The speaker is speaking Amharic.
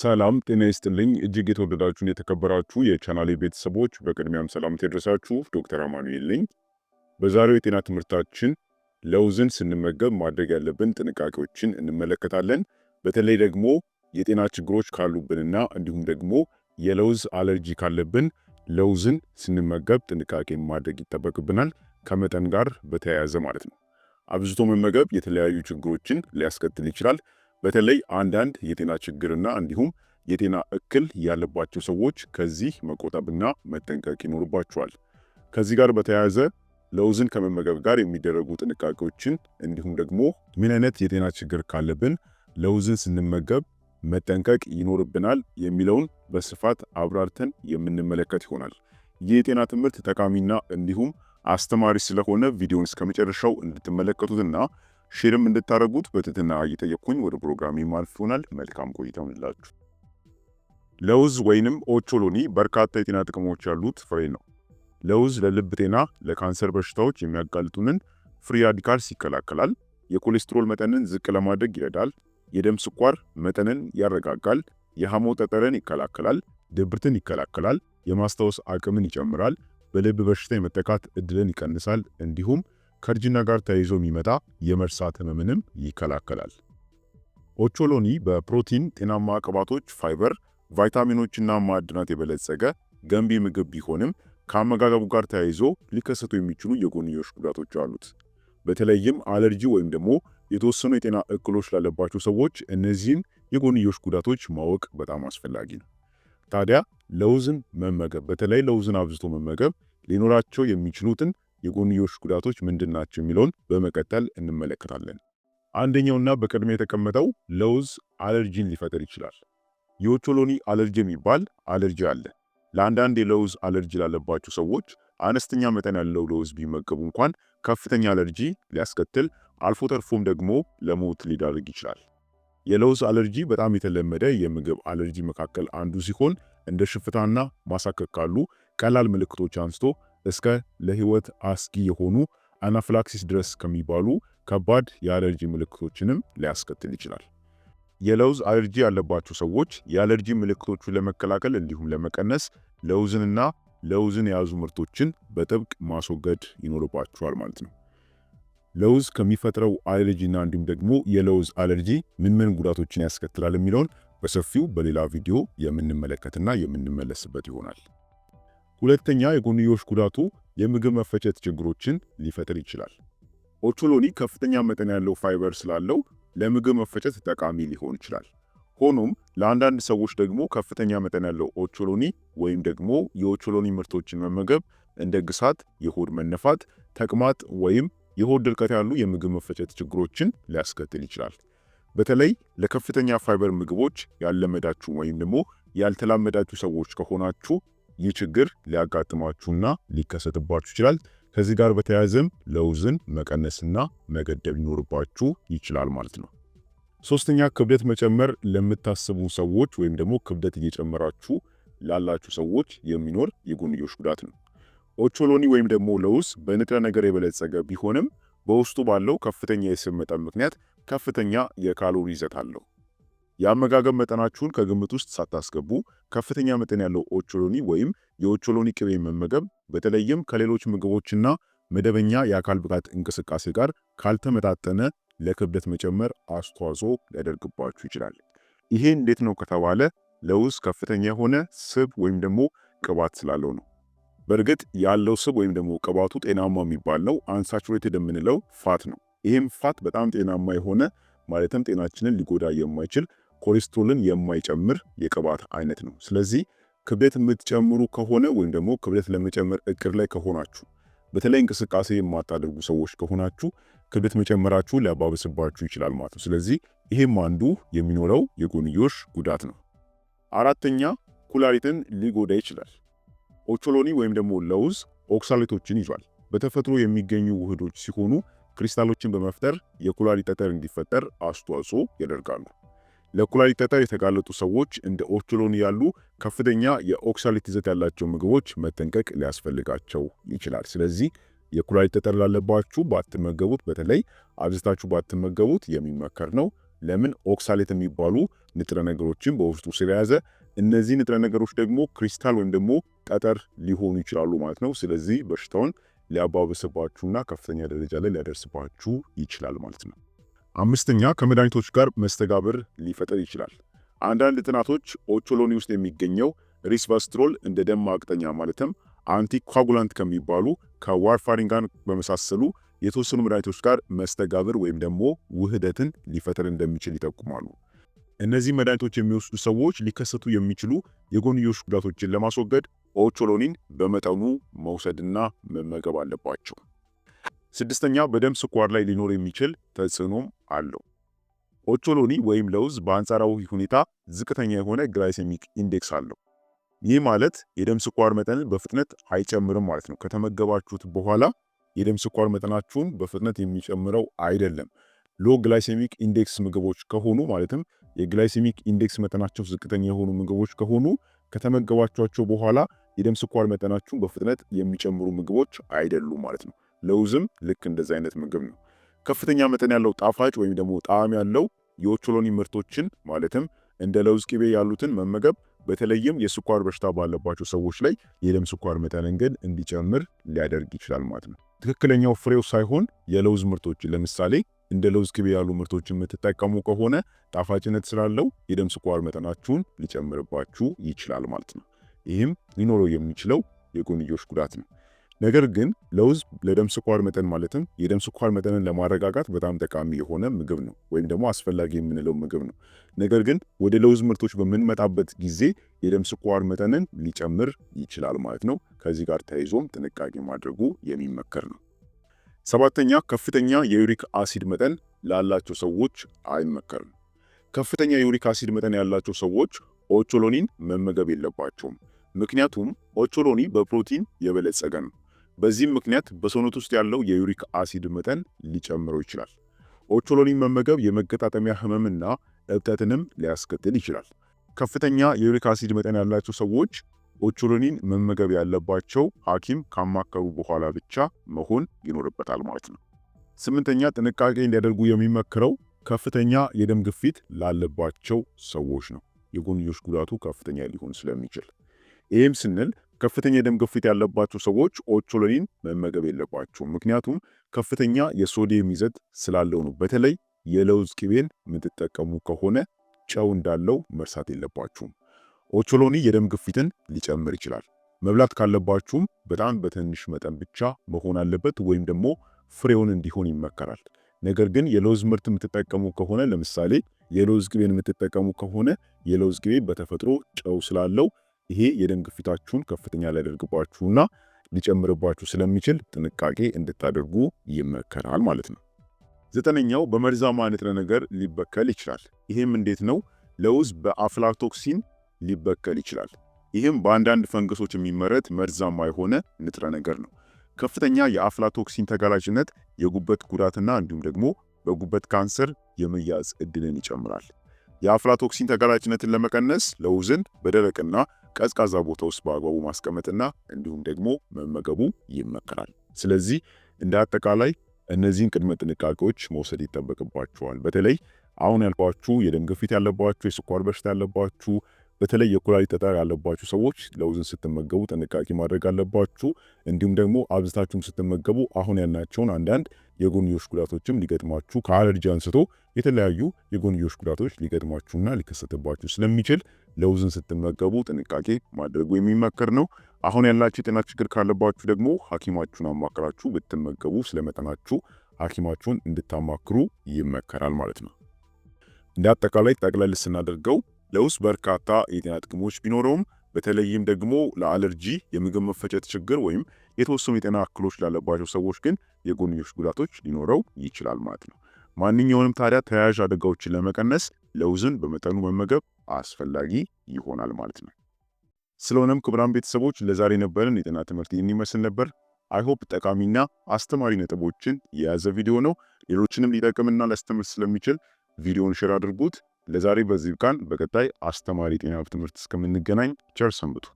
ሰላም ጤና ይስጥልኝ። እጅግ የተወደዳችሁን የተከበራችሁ የቻናሌ ቤተሰቦች በቅድሚያም ሰላም ተደረሳችሁ። ዶክተር አማኑኤል ነኝ። በዛሬው የጤና ትምህርታችን ለውዝን ስንመገብ ማድረግ ያለብን ጥንቃቄዎችን እንመለከታለን። በተለይ ደግሞ የጤና ችግሮች ካሉብንና እንዲሁም ደግሞ የለውዝ አለርጂ ካለብን ለውዝን ስንመገብ ጥንቃቄ ማድረግ ይጠበቅብናል፣ ከመጠን ጋር በተያያዘ ማለት ነው። አብዝቶ መመገብ የተለያዩ ችግሮችን ሊያስከትል ይችላል። በተለይ አንዳንድ የጤና ችግርና እንዲሁም የጤና እክል ያለባቸው ሰዎች ከዚህ መቆጠብና መጠንቀቅ ይኖርባቸዋል። ከዚህ ጋር በተያያዘ ለውዝን ከመመገብ ጋር የሚደረጉ ጥንቃቄዎችን እንዲሁም ደግሞ ምን አይነት የጤና ችግር ካለብን ለውዝን ስንመገብ መጠንቀቅ ይኖርብናል የሚለውን በስፋት አብራርተን የምንመለከት ይሆናል። ይህ የጤና ትምህርት ጠቃሚና እንዲሁም አስተማሪ ስለሆነ ቪዲዮን እስከመጨረሻው እንድትመለከቱትና ሼርም እንድታደርጉት በትትና እየጠየቅኩኝ ወደ ፕሮግራም ይማልፍ ይሆናል። መልካም ቆይታ ይሁንላችሁ። ለውዝ ወይንም ኦቾሎኒ በርካታ የጤና ጥቅሞች ያሉት ፍሬ ነው። ለውዝ ለልብ ጤና፣ ለካንሰር በሽታዎች የሚያጋልጡንን ፍሪ ራዲካልስ ይከላከላል። የኮሌስትሮል መጠንን ዝቅ ለማድረግ ይረዳል። የደም ስኳር መጠንን ያረጋጋል። የሃሞ ጠጠርን ይከላከላል። ድብርትን ይከላከላል። የማስታወስ አቅምን ይጨምራል። በልብ በሽታ የመጠቃት እድልን ይቀንሳል። እንዲሁም ከእርጅና ጋር ተያይዞ የሚመጣ የመርሳት ህመምንም ይከላከላል። ኦቾሎኒ በፕሮቲን፣ ጤናማ ቅባቶች፣ ፋይበር፣ ቫይታሚኖችና ማዕድናት የበለጸገ ገንቢ ምግብ ቢሆንም ከአመጋገቡ ጋር ተያይዞ ሊከሰቱ የሚችሉ የጎንዮሽ ጉዳቶች አሉት። በተለይም አለርጂ ወይም ደግሞ የተወሰኑ የጤና እክሎች ላለባቸው ሰዎች እነዚህን የጎንዮሽ ጉዳቶች ማወቅ በጣም አስፈላጊ ነው። ታዲያ ለውዝን መመገብ በተለይ ለውዝን አብዝቶ መመገብ ሊኖራቸው የሚችሉትን የጎንዮሽ ጉዳቶች ምንድን ናቸው የሚለውን በመቀጠል እንመለከታለን። አንደኛውና በቅድሚያ የተቀመጠው ለውዝ አለርጂን ሊፈጥር ይችላል። የኦቾሎኒ አለርጂ የሚባል አለርጂ አለ። ለአንዳንድ የለውዝ አለርጂ ላለባቸው ሰዎች አነስተኛ መጠን ያለው ለውዝ ቢመገቡ እንኳን ከፍተኛ አለርጂ ሊያስከትል አልፎ ተርፎም ደግሞ ለሞት ሊዳርግ ይችላል። የለውዝ አለርጂ በጣም የተለመደ የምግብ አለርጂ መካከል አንዱ ሲሆን እንደ ሽፍታና ማሳከክ ካሉ ቀላል ምልክቶች አንስቶ እስከ ለህይወት አስጊ የሆኑ አናፍላክሲስ ድረስ ከሚባሉ ከባድ የአለርጂ ምልክቶችንም ሊያስከትል ይችላል። የለውዝ አለርጂ ያለባቸው ሰዎች የአለርጂ ምልክቶቹን ለመከላከል እንዲሁም ለመቀነስ ለውዝንና ለውዝን የያዙ ምርቶችን በጥብቅ ማስወገድ ይኖርባቸዋል ማለት ነው። ለውዝ ከሚፈጥረው አለርጂና እንዲሁም ደግሞ የለውዝ አለርጂ ምን ምን ጉዳቶችን ያስከትላል የሚለውን በሰፊው በሌላ ቪዲዮ የምንመለከትና የምንመለስበት ይሆናል። ሁለተኛ የጎንዮሽ ጉዳቱ የምግብ መፈጨት ችግሮችን ሊፈጥር ይችላል። ኦቾሎኒ ከፍተኛ መጠን ያለው ፋይበር ስላለው ለምግብ መፈጨት ጠቃሚ ሊሆን ይችላል። ሆኖም ለአንዳንድ ሰዎች ደግሞ ከፍተኛ መጠን ያለው ኦቾሎኒ ወይም ደግሞ የኦቾሎኒ ምርቶችን መመገብ እንደ ግሳት፣ የሆድ መነፋት፣ ተቅማጥ ወይም የሆድ ድርቀት ያሉ የምግብ መፈጨት ችግሮችን ሊያስከትል ይችላል። በተለይ ለከፍተኛ ፋይበር ምግቦች ያለመዳችሁ ወይም ደግሞ ያልተላመዳችሁ ሰዎች ከሆናችሁ ይህ ችግር ሊያጋጥማችሁና ሊከሰትባችሁ ይችላል። ከዚህ ጋር በተያያዘም ለውዝን መቀነስና መገደብ ሊኖርባችሁ ይችላል ማለት ነው። ሶስተኛ ክብደት መጨመር ለምታስቡ ሰዎች ወይም ደግሞ ክብደት እየጨመራችሁ ላላችሁ ሰዎች የሚኖር የጎንዮሽ ጉዳት ነው። ኦቾሎኒ ወይም ደግሞ ለውዝ በንጥረ ነገር የበለጸገ ቢሆንም በውስጡ ባለው ከፍተኛ የስብ መጠን ምክንያት ከፍተኛ የካሎሪ ይዘት አለው። የአመጋገብ መጠናችሁን ከግምት ውስጥ ሳታስገቡ ከፍተኛ መጠን ያለው ኦቾሎኒ ወይም የኦቾሎኒ ቅቤ መመገብ በተለይም ከሌሎች ምግቦችና መደበኛ የአካል ብቃት እንቅስቃሴ ጋር ካልተመጣጠነ ለክብደት መጨመር አስተዋጽኦ ሊያደርግባችሁ ይችላል። ይሄ እንዴት ነው ከተባለ ለውዝ ከፍተኛ የሆነ ስብ ወይም ደግሞ ቅባት ስላለው ነው። በእርግጥ ያለው ስብ ወይም ደግሞ ቅባቱ ጤናማ የሚባል ነው። አንሳቹሬትድ የምንለው ፋት ነው። ይህም ፋት በጣም ጤናማ የሆነ ማለትም ጤናችንን ሊጎዳ የማይችል ኮሌስትሮልን የማይጨምር የቅባት አይነት ነው። ስለዚህ ክብደት የምትጨምሩ ከሆነ ወይም ደግሞ ክብደት ለመጨመር እቅድ ላይ ከሆናችሁ በተለይ እንቅስቃሴ የማታደርጉ ሰዎች ከሆናችሁ ክብደት መጨመራችሁ ሊያባብስባችሁ ይችላል ማለት ነው። ስለዚህ ይህም አንዱ የሚኖረው የጎንዮሽ ጉዳት ነው። አራተኛ ኩላሊትን ሊጎዳ ይችላል። ኦቾሎኒ ወይም ደግሞ ለውዝ ኦክሳሌቶችን ይዟል። በተፈጥሮ የሚገኙ ውህዶች ሲሆኑ ክሪስታሎችን በመፍጠር የኩላሊት ጠጠር እንዲፈጠር አስተዋጽኦ ያደርጋሉ። ለኩላሊት ጠጠር የተጋለጡ ሰዎች እንደ ኦቾሎኒ ያሉ ከፍተኛ የኦክሳሌት ይዘት ያላቸው ምግቦች መጠንቀቅ ሊያስፈልጋቸው ይችላል። ስለዚህ የኩላሊት ጠጠር ላለባችሁ ባትመገቡት፣ በተለይ አብዝታችሁ ባትመገቡት የሚመከር ነው። ለምን? ኦክሳሌት የሚባሉ ንጥረ ነገሮችን በውስጡ ስለያዘ እነዚህ ንጥረ ነገሮች ደግሞ ክሪስታል ወይም ደግሞ ጠጠር ሊሆኑ ይችላሉ ማለት ነው። ስለዚህ በሽታውን ሊያባብስባችሁና ከፍተኛ ደረጃ ላይ ሊያደርስባችሁ ይችላል ማለት ነው። አምስተኛ ከመድኃኒቶች ጋር መስተጋብር ሊፈጠር ይችላል። አንዳንድ ጥናቶች ኦቾሎኒ ውስጥ የሚገኘው ሪስቫስትሮል እንደ ደም ማቅጠኛ ማለትም አንቲኳጉላንት ከሚባሉ ከዋርፋሪን ጋር በመሳሰሉ የተወሰኑ መድኃኒቶች ጋር መስተጋብር ወይም ደግሞ ውህደትን ሊፈጠር እንደሚችል ይጠቁማሉ። እነዚህ መድኃኒቶች የሚወስዱ ሰዎች ሊከሰቱ የሚችሉ የጎንዮሽ ጉዳቶችን ለማስወገድ ኦቾሎኒን በመጠኑ መውሰድና መመገብ አለባቸው። ስድስተኛ በደም ስኳር ላይ ሊኖር የሚችል ተጽዕኖም አለው። ኦቾሎኒ ወይም ለውዝ በአንጻራዊ ሁኔታ ዝቅተኛ የሆነ ግላይሴሚክ ኢንዴክስ አለው። ይህ ማለት የደም ስኳር መጠንን በፍጥነት አይጨምርም ማለት ነው። ከተመገባችሁት በኋላ የደም ስኳር መጠናችሁን በፍጥነት የሚጨምረው አይደለም። ሎ ግላይሴሚክ ኢንዴክስ ምግቦች ከሆኑ ማለትም የግላይሴሚክ ኢንዴክስ መጠናቸው ዝቅተኛ የሆኑ ምግቦች ከሆኑ ከተመገባችኋቸው በኋላ የደም ስኳር መጠናችሁን በፍጥነት የሚጨምሩ ምግቦች አይደሉም ማለት ነው። ለውዝም ልክ እንደዚህ አይነት ምግብ ነው። ከፍተኛ መጠን ያለው ጣፋጭ ወይም ደግሞ ጣዕም ያለው የኦቾሎኒ ምርቶችን ማለትም እንደ ለውዝ ቅቤ ያሉትን መመገብ በተለይም የስኳር በሽታ ባለባቸው ሰዎች ላይ የደም ስኳር መጠንን ግን እንዲጨምር ሊያደርግ ይችላል ማለት ነው። ትክክለኛው ፍሬው ሳይሆን የለውዝ ምርቶችን ለምሳሌ እንደ ለውዝ ቅቤ ያሉ ምርቶችን የምትጠቀሙ ከሆነ ጣፋጭነት ስላለው የደም ስኳር መጠናችሁን ሊጨምርባችሁ ይችላል ማለት ነው። ይህም ሊኖረው የሚችለው የጎንዮሽ ጉዳት ነው። ነገር ግን ለውዝ ለደም ስኳር መጠን ማለትም የደም ስኳር መጠንን ለማረጋጋት በጣም ጠቃሚ የሆነ ምግብ ነው፣ ወይም ደግሞ አስፈላጊ የምንለው ምግብ ነው። ነገር ግን ወደ ለውዝ ምርቶች በምንመጣበት ጊዜ የደም ስኳር መጠንን ሊጨምር ይችላል ማለት ነው። ከዚህ ጋር ተያይዞም ጥንቃቄ ማድረጉ የሚመከር ነው። ሰባተኛ ከፍተኛ የዩሪክ አሲድ መጠን ላላቸው ሰዎች አይመከርም። ከፍተኛ የዩሪክ አሲድ መጠን ያላቸው ሰዎች ኦቾሎኒን መመገብ የለባቸውም። ምክንያቱም ኦቾሎኒ በፕሮቲን የበለጸገ ነው። በዚህም ምክንያት በሰውነት ውስጥ ያለው የዩሪክ አሲድ መጠን ሊጨምረው ይችላል። ኦቾሎኒን መመገብ የመገጣጠሚያ ህመምና እብጠትንም ሊያስከትል ይችላል። ከፍተኛ የዩሪክ አሲድ መጠን ያላቸው ሰዎች ኦቾሎኒን መመገብ ያለባቸው ሐኪም ካማከሩ በኋላ ብቻ መሆን ይኖርበታል ማለት ነው። ስምንተኛ ጥንቃቄ እንዲያደርጉ የሚመክረው ከፍተኛ የደም ግፊት ላለባቸው ሰዎች ነው። የጎንዮሽ ጉዳቱ ከፍተኛ ሊሆን ስለሚችል ይህም ስንል ከፍተኛ የደም ግፊት ያለባቸው ሰዎች ኦቾሎኒን መመገብ የለባቸው፣ ምክንያቱም ከፍተኛ የሶዲየም ይዘት ስላለው ነው። በተለይ የለውዝ ቅቤን የምትጠቀሙ ከሆነ ጨው እንዳለው መርሳት የለባችሁም። ኦቾሎኒ የደም ግፊትን ሊጨምር ይችላል። መብላት ካለባችሁም በጣም በትንሽ መጠን ብቻ መሆን አለበት፣ ወይም ደግሞ ፍሬውን እንዲሆን ይመከራል። ነገር ግን የለውዝ ምርት የምትጠቀሙ ከሆነ ለምሳሌ የለውዝ ቅቤን የምትጠቀሙ ከሆነ የለውዝ ቅቤ በተፈጥሮ ጨው ስላለው ይሄ የደም ግፊታችሁን ከፍተኛ ሊያደርግባችሁና ሊጨምርባችሁ ስለሚችል ጥንቃቄ እንድታደርጉ ይመከራል ማለት ነው። ዘጠነኛው በመርዛማ ንጥረ ነገር ሊበከል ይችላል። ይህም እንዴት ነው? ለውዝ በአፍላቶክሲን ሊበከል ይችላል። ይህም በአንዳንድ ፈንገሶች የሚመረት መርዛማ የሆነ ንጥረ ነገር ነው። ከፍተኛ የአፍላቶክሲን ተጋላጭነት የጉበት ጉዳትና እንዲሁም ደግሞ በጉበት ካንሰር የመያዝ እድልን ይጨምራል። የአፍላቶክሲን ተጋላጭነትን ለመቀነስ ለውዝን በደረቅና ቀዝቃዛ ቦታ ውስጥ በአግባቡ ማስቀመጥና እንዲሁም ደግሞ መመገቡ ይመከራል። ስለዚህ እንደ አጠቃላይ እነዚህን ቅድመ ጥንቃቄዎች መውሰድ ይጠበቅባቸዋል። በተለይ አሁን ያልኳችሁ የደም ግፊት ያለባችሁ፣ የስኳር በሽታ ያለባችሁ፣ በተለይ የኩላሊት ጠጠር ያለባችሁ ሰዎች ለውዝን ስትመገቡ ጥንቃቄ ማድረግ አለባችሁ። እንዲሁም ደግሞ አብዝታችሁም ስትመገቡ አሁን ያልናቸውን አንዳንድ የጎንዮሽ ጉዳቶችም ሊገጥሟችሁ ከአለርጂ አንስቶ የተለያዩ የጎንዮሽ ጉዳቶች ሊገጥሟችሁና ሊከሰትባችሁ ስለሚችል ለውዝን ስትመገቡ ጥንቃቄ ማድረጉ የሚመከር ነው። አሁን ያላችሁ የጤና ችግር ካለባችሁ ደግሞ ሐኪማችሁን አማክራችሁ ብትመገቡ ስለመጠናችሁ ሐኪማችሁን እንድታማክሩ ይመከራል ማለት ነው። እንደ አጠቃላይ ጠቅለል ስናደርገው ለውዝ በርካታ የጤና ጥቅሞች ቢኖረውም በተለይም ደግሞ ለአለርጂ የምግብ መፈጨት ችግር ወይም የተወሰኑ የጤና እክሎች ላለባቸው ሰዎች ግን የጎንዮሽ ጉዳቶች ሊኖረው ይችላል ማለት ነው። ማንኛውንም ታዲያ ተያያዥ አደጋዎችን ለመቀነስ ለውዝን በመጠኑ መመገብ አስፈላጊ ይሆናል ማለት ነው። ስለሆነም ክቡራን ቤተሰቦች ለዛሬ ነበረን የጤና ትምህርት የሚመስል ነበር። አይሆፕ ጠቃሚና አስተማሪ ነጥቦችን የያዘ ቪዲዮ ነው። ሌሎችንም ሊጠቅምና ሊያስተምር ስለሚችል ቪዲዮውን ሼር አድርጉት። ለዛሬ በዚህ ቃን በቀጣይ አስተማሪ የጤና ትምህርት እስከምንገናኝ ቸር ሰንብቱ።